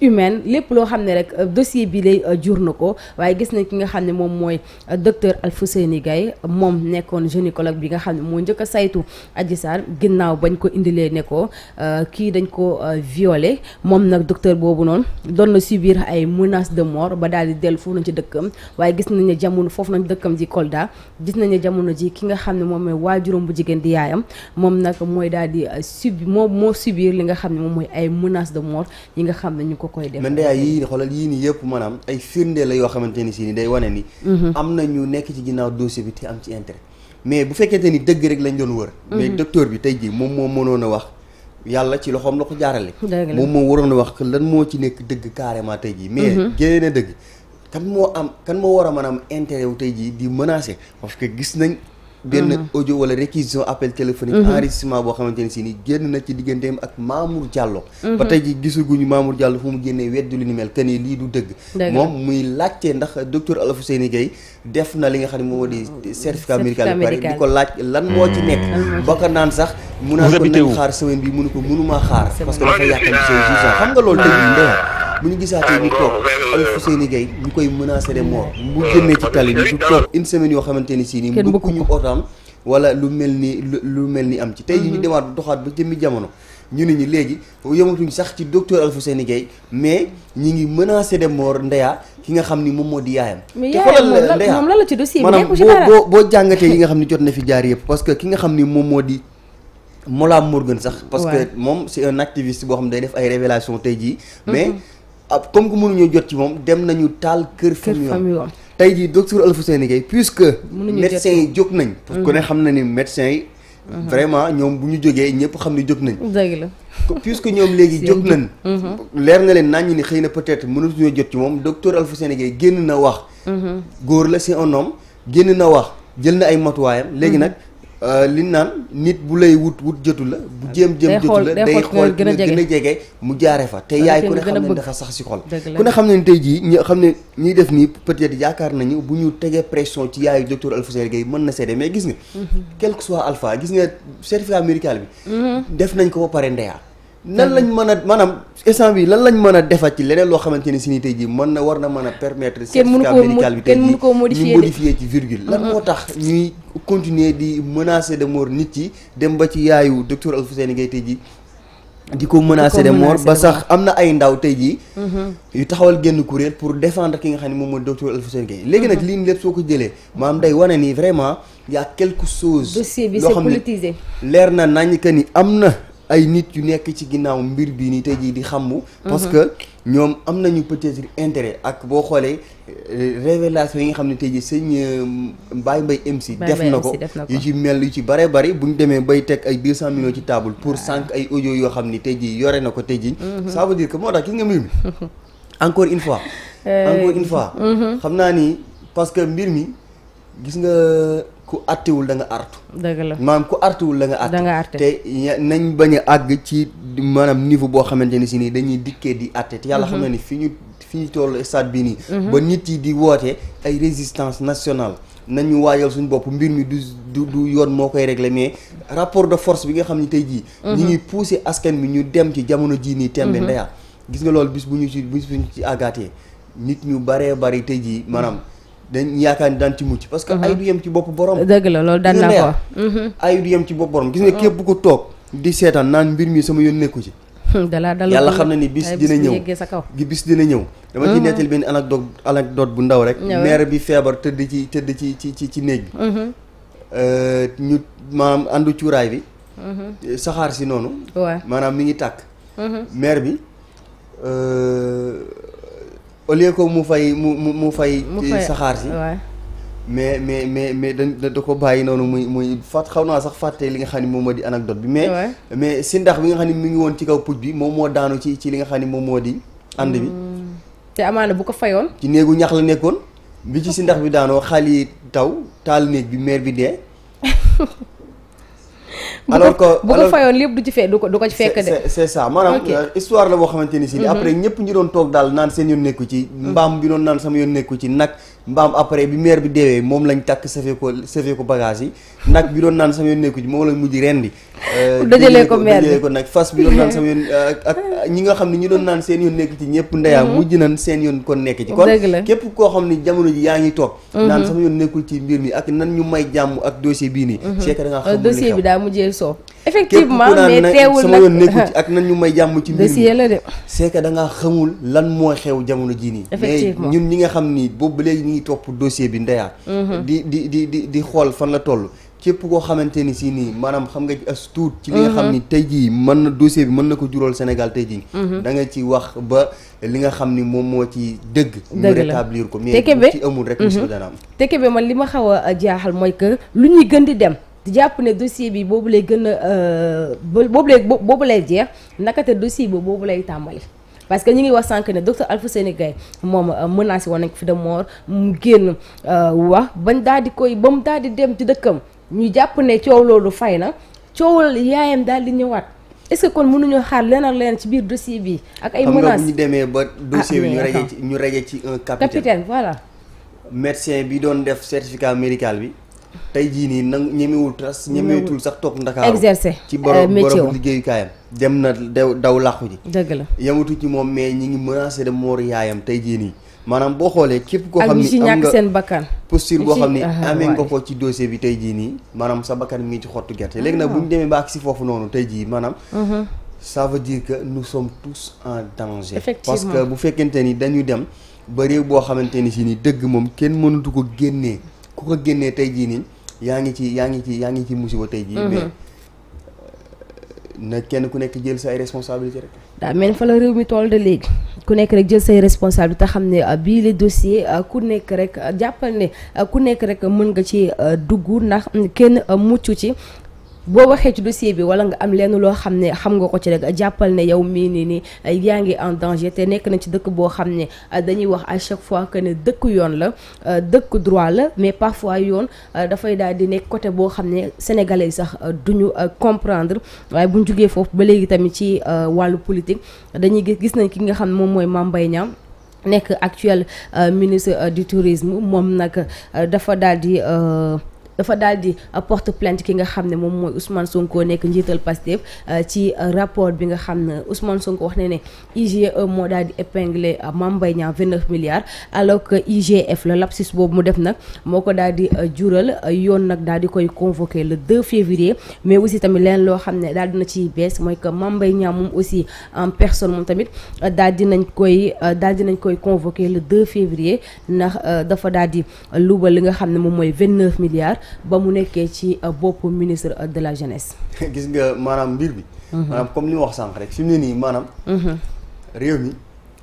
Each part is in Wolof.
humaine lépp loo xam ne rek euh, dossier bi lay euh, jur na ko waaye gis nañ ki nga xam ne moom mooy euh, docteur Alfousseyni Gaye moom nekkoon gynécologue bi nga xam ne moo njëkk a saytu Adji Sarr ginnaaw bañ ko indilee ne ko kii dañ ko violé moom nag docteur boobu noonu doon na subir ay menaces de mort ba daal di dellu foof nañ ci dëkkam waaye gis nañ ne jamono foofu nañ dëkkam ji Kolda gis nañ jamono ji ki nga xam ne moom mooy waa juróom bu jigéen di yaayam moom nag mooy dal di subi moom moo subir li nga xam ne moom mooy ay menaces de mort yi nga xam ne ñu ko koy def man dayaa yii xoolal yii nii yëpp maanaam ay firnde la yoo ni si ni day wane ni mhm. am na ñu nekk ci ginnaaw dossier bi te am ci intérêt mais bu fekkente ni dëgg rek lañ doon wër mhm. mais docteur bi tey jii moom moo mënoon a wax yàlla ci loxoom la ko jaarale moom moo waroon a wax lan moo ci nekk dëgg carrément tey jii mais mhm. génne dëgg kan moo am kan moo war a mën a am intérêt wu tey jii di menacer parce que gis nañ benn mhm. audio wala réquisition appel téléphonique mhm. enregistrement boo xamante ne si ni génn na ci digganteem ak Mamour Diallo mhm. ba tey ji gisaguñu Mamour Diallo fu mu génnee weddi lu ni mel que ni lii du dëgg moom muy laajte ndax docteur Alfousseyni Gaye def na li nga xam ne moom moo di oh, certificat moo ci nekk ba ko naan sax mu naan ko nañ bi mënu ko mënumaa xaar parce que dafa nga loolu dëgg ah. bu ñu gisaatee ñu toog ay Ousseynou Gueye ñu koy menacé de mort mm. mu génnee ci tali bi du toog une semaine yoo xamante ni si nii dugg ñu otaam wala lu mel ni lu mel ni am ci tey yi ñu mm-hmm. demaat doxaat ba jëmmi jamono ñu ne ñu léegi yomatuñ sax ci docteur Alfousseyni Gueye mais ñi ngi menacé de moor Ndeya ki nga xam ni moom moo di yaayam. te xoolal Ndeya la ci dossier bi nekkul ci dara boo boo jàngatee yi nga xam ni jot na fi jaar yëpp parce que ki nga xam ni moom moo di. Mola Morgan sax parce que moom c'est un activiste boo xam ne day def ay révélation tey jii mais. Mm-hmm. ab comme que mënuñoo jot ci moom dem nañu taal kër famille am tey jii docteur Alfousseyni Gaye puisque médecins yi jóg nañ parce que ne xam na ni médecins yi mhm. vraiment ñoom bu ñu jógee ñëpp xam ni jóg nañ dëgg la puisque ñoom léegi jóg nañ mhm. leer na leen nañ ni xëy na peut-être mënatuñoo jot ci moom docteur Alfousseyni Gaye génn na wax mhm. góor la c'est un homme génn na wax jël na ay matuwaayam léegi nag Euh, li naan nit bu lay wut wut jotu la bu jéem jéem jëtu la day xool gën a jege mu jaare fa te yaay ku ne xam ne a sax si xol ku ne xam ne tey jii ñi xam ne ñuy def nii peut-être yaakaar nañu bu ñu tegee pression ci yaayu docteur Alpha Sayer mën na seede mais gis nga mhm. quel que soit alpha gis nga certificat médical bi mhm. def nañ ko ba pare ndeyaa nan lañ mën a maanaam instant bi lan lañ mën a defaat ci leneen loo xamante ne si ni tey ji mën na war na mën a permettre certificat médical bi tey jii ñu modifié ci virgule lan moo tax ñuy continuer di menacer de mort nit yi dem ba ci yaayu docteur Alfousseyni Gaye tey ji di ko menacer de mort ba sax am na ay ndaw tey jii mm-hmm. yu taxawal génn kuréel pour défendre ki nga xam ne moom moo docteur Alfousseyni Gaye léegi nag mm-hmm. lii lépp soo ko jëlee maanaam day wane nii vraiment y a quelque chose dossier bi c'est politisé leer na nañ que ni am na ay nit yu nekk ci ginnaaw mbir bi ni tey jii di xamu. parce mhm. que ñoom am nañu peut-être intérêt ak boo xoolee euh, révélation yi nga xam ne tey jii sëñ euh, Baye Mbaye MC def na ko yu ci mel yu ci bare bari bu ñu demee bay teg ay 200 millions ci table pour sànq ay audio yoo xam ni tey jii yore na ko tey jii. Mhm. ça veut dire que moo tax gis nga mbir mi encore une fois. Euh, encore une fois. Mhm. xam naa ni parce que mbir mi. gis nga ku àttewul da nga artu. dëgg la ku àttewul da nga àtte. te nañ bañ àgg ci maanaam niveau boo xamante ni si nii dañuy dikkee di àtte te yàlla xam na mhm. ni fi ñu fi ñu toll stade bi nii. Mhm. ba nit yi di woote ay résistance nationale. nañu waajal suñu bopp mbir mi du du yoon moo koy réglé mais rapport de force bi nga xam ni tey jii. Mhm. ñu ngi poussé askan bi ñu dem ci jamono jii nii. tembe ndeya gis nga loolu bis bu ñu ci bis bu ñu ci àggaatee nit ñu baree bari tey jii maanaam. dañ yaakaar ni daan ci mucc parce que mhm. ay du yem ci bopp borom dëgg la loolu daan naa ko mhm. ay du yem ci bopp borom gis nga mhm. képp ku toog di seetaan naan mbir mi sama yoon nekku ci dalaa dal yàlla xam na ni bis dina ñëw gi bis dina dama ciy nettali benn anecdote anecdote bu ndaw rek maire bi feebar tëdd ci tëdd ci ci ci ci néeg bi euh, ñu maanaam àndu cuuraay bi saxaar si noonu maanaam mi ngi tàkk maire bi euh, au lieu que mu fay mu mu mu fay. saxaar si mais mais mais mais da da ko bàyyi noonu muy muy fàtt xaw naa sax fàtte li nga xam ne moom moo di anecdote bi. mais mais si ndax bi nga xam ne mi ngi woon ci kaw puj bi moom moo daanu ci ci li nga xam ne moom moo di. ànd bi hmm. te amaana bu ko fayoon. ci néegu ñax la nekkoon. bi ci si ndax bi daanoo xal taw taal néeg bi meer bi dee. alors que bu ko fayoon lépp du ci fekk du ko du ko ci fekk de c'est ça maanaam euh, histoire la boo xamante ni si mhm. après ñëpp ñu doon toog daal naan seen yoon nekku ci mhm. mbaam bi doon naan sama yoon nekku ci nag mbaam après bi maire bi deewee moom lañ takk safee ko safee ko bagage yi nag bi doon naan sama yoon nekku ji moom lañ mujj rendi dajalee ko maire eh, nag fas bi doon naan sama yoon eh, ñi nga xam ne ñi doon naan seen yoon nekk ci ñëpp ndeyaa mm-hmm. mujj nañ seen yoon kon nekk ci kon képp koo xam ne jamono yaa ngi toog mm-hmm. naan sama yoon nekkul ci mbir mi ak nan ñu may jàmm ak dossier bii nii mm-hmm. c'est que da xam euh, dossier bi daa mujjee soo effectivement mais teewul nag sama yoon nekku ci ak na ñu may jàmm ci mbir mi la de c'est da ngaa xamul lan moo xew jamono jii nii effectivement ñun ñi nga xam ni boobu léegi ñu topp dossier bi ndeyaat mhm. di di di di di xool fan la toll képp koo xamante ni si nii maanaam xam nga as tuut ci li nga xam mhm. ni tey jii mën na dossier bi mën na ko jural Sénégal tey jii mhm. da nga ci wax ba li nga xam ni moom moo ci dëgg ñu rétablir ko mais ci amul rek bis ko am te kebe man li ma xaw a jaaxal mooy que lu ñuy gën di dem di jàpp ne dossier bi boobu lay gën a euh, boobu lay boobu lay jeex nakate dossier bi boobu lay tàmbali. parce que ñu ngi wax sànq ne docteur Alfousseyni Gaye moom euh, menacé woon nañ ko fi de moor mu génn euh, wax bañ daal di koy ba mu daal di dem ci dëkkam ñu jàpp ne coow loolu fay na coowal yaayam daal di ñëwaat est-ce que kon mënuñoo xaar leneen ak leneen ci biir dossier bi. ak ay menaces ñu demee ba ñu ah, raje ci ñu raje capitaine voilà. médecin bi doon def certificat médical bi. tey jii nii nag ñemewul tas ñemewetul sax toog ndakaaru exercer ci borom eh, borom liggéeyukaayam dem na daw daw làqu ji dëgg la yamatu ci moom mais ñi ngi menacé de moor yaayam tey jii nii maanaam boo xoolee képp ko xam ni ci ñàkk seen bakkan posture boo xam ni amee nga ko ci dossier bi tey jii nii maanaam sa bakkan mi ngi ci xottu gerte léegi nag bu ñu ah. demee ba ak si foofu noonu tey jii maanaam mhm. ça veut dire que nous sommes tous en danger parce que bu fekkente ni dañu dem ba boo xamante ni si ni dëgg moom kenn mënatu ko génnee ku ko génnee tey jii nii yaa ngi ci yaa ngi ci yaa ngi ci musiba tey jii. Mhm. mais euh, na kenn ku nekk jël sa ay responsabilité rek. daa mel fa la réew mi toll de léegi ku nekk rek jël say responsabilité xam ne euh, bii les dossiers euh, ku nekk rek jàppal ne ku nekk rek mën nga ci dugg ndax kenn mucc ci. boo waxee ci dossier bi wala nga am lenn loo xam ne xam nga ko ci rek jàppal ne yow mii nii nii yaa ngi en danger te nekk na ci dëkk boo xam ne ah, dañuy wax à chaque fois que ne dëkk yoon la ah, dëkk droit la mais parfois yoon ah, dafay daal di nekk côté boo xam ne sénégalais sax duñu comprendre waaye buñ jugee foofu ba léegi tamit ci wàllu politique dañuy gis gis nañ ki nga xam moom mooy Mame Mbaye Niang nekk actuel ministre du tourisme moom nag dafa daal di dafa daal di euh, porte plante ki nga xam ne moom mooy Ousmane Sonko nekk njiital Pastef euh, ci euh, rapport bi nga xam ne Ousmane Sonko wax ne ne IGE moo daal di épinglé Mame Mbaye Niang 29 milliards alors que IGF e la lapsus boobu mu def nag moo ko daal di jural yoon nag daal di koy convoqué le 2 février mais aussi tamit leen loo xam ne daal dina ci bees mooy que Mame Mbaye moom aussi en personne tamit daal dinañ koy daal dinañ koy convoqué le 2 février ndax dafa daal di luubal li nga xam ne moom mooy 29 milliards ba mu nekkee ci euh, boppu ministre de la jeunesse. gis nga maanaam mbir bi. Mhm. maanaam comme li ma wax sànq rek fi mu ne nii maanaam. Mhm. réew mi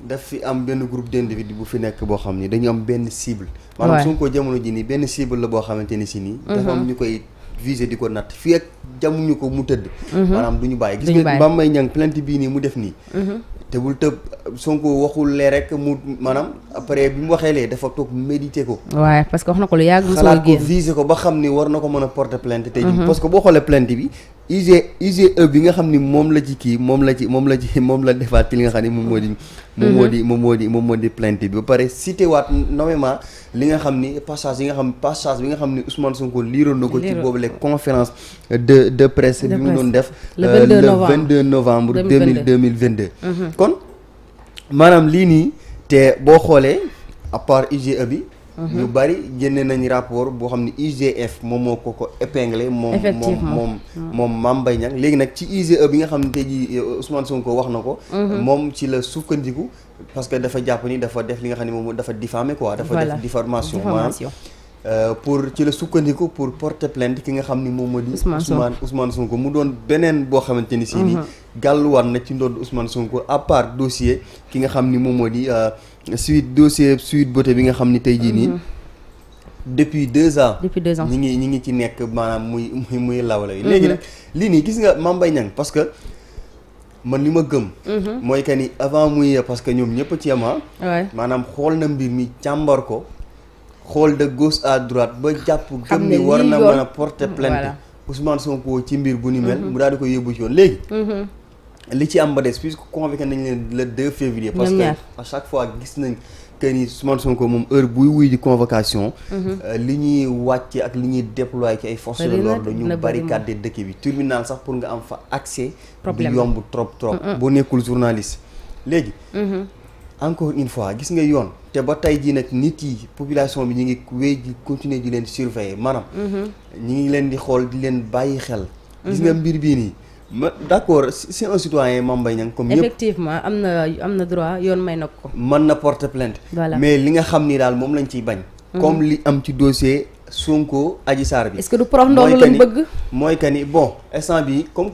daf fi am benn groupe d'individus bu fi nekk boo xam ni dañu am benn cible. maanaam su ko jamono ji nii benn cible la boo xamante ni si nii. dafa am mhm. ñu koy. visé di ko natt fii ak jamuñu ko mu tëdd. Mhm. maanaam du ñu bàyyi gis nga Mame Mbaye Niang bii nii mu def nii. Mhm. te tëb Sonko waxul lee mu maanaam après bi mu waxee lee dafa toog méditer ko. waaw parce que wax na ko lu yàgg. mosoo génn ko visé ko ba xam ni war na ko mën a porter plainte. tey jii mhm. parce boo xoolee plainte bi UG UGE bi nga xam ni moom la ci kii moom la ci moom la ci moom la defaat ci li nga xam ni moom moo di. moom moo di mhm. moom moo di moom moo di plainte bi ba pare cité waat nommément li nga xam ni passage yi nga xam passage bi nga xam ni Ousmane Sonko liiroon na ko. ci boobu les conférences de de presse. bi mu doon def le 22 euh, novembre 2022 mhm. kon maanaam lii nii te boo xoolee à part UGE bi. Mhm. ñu bari génne nañ rapport boo xam ne IGF moom moo ko ko épinglé. moom moom mhm. moom Mame Mbaye Niang léegi nag ci IGE bi nga xam ne tey jii euh, Ousmane Sonko wax na ko. Mhm. moom ci la sukkandiku. parce que dafa jàpp ni dafa def li nga xam ne moom dafa diffamé quoi. dafa def diffamation maanaam. Euh, pour ci la sukkandiku pour porter plainte ki nga xam ni moom moo di Ousmane Ousmane Sonko mu doon beneen boo xamante ni si ni gàlluwaat na ci ndodd Ousmane Sonko à part dossier ki nga xam ni moom moo di euh, suite dossier suite beauté bi nga xam ni tey jii nii. Mhm. depuis deux ans. depuis deux ans ñi ngi ñi ngi ci nekk maanaam muy muy law lawla mhm. léegi nag lii nii gis nga mambay Mbaye Niang parce que man li ma gëm. Mhm. mooy que ni avant muy parce que ñoom ñëpp ci yem ah. maanaam xool na mbir mi càmbar ko xool de gauche à droit ba jàpp. gëm ni war na mën a porter plainte Ousmane Sonko ci mbir bu ni mel. mu daal di ko yóbbu ci léegi. li ci am ba des puisque convoqué nañ leen le 2 février. parce que à chaque fois gis nañ que ni Ousmane Sonko moom heure buy wuy di convocation. Mhm. Euh, li ñuy wàcce ak li ñuy déployer ci ay forces de l'ordre ñu barricade dëkk bi. tribunal sax pour nga am fa accès. du yomb trop trop. boo nekkul journaliste léegi. Mhm. encore une fois gis nga yoon te ba tey jii nag nit yi population bi ñu ngi wéy di continuer di leen surveiller maanaam. Mhm. ñu ngi leen di xool di leen bàyyi xel. gis nga bii nii. ma d'accord c'est un citoyen Mame Mbaye Niang comme ñëpp am na am na droit yoon may na ko. mën na porter plainte. mais li nga xam ni daal moom lañ ciy bañ. Mhm. comme li am ci dossier Sonko Adji Sarr bi. est-ce que du prof lañ bëgg. mooy que ni bon instant bi comme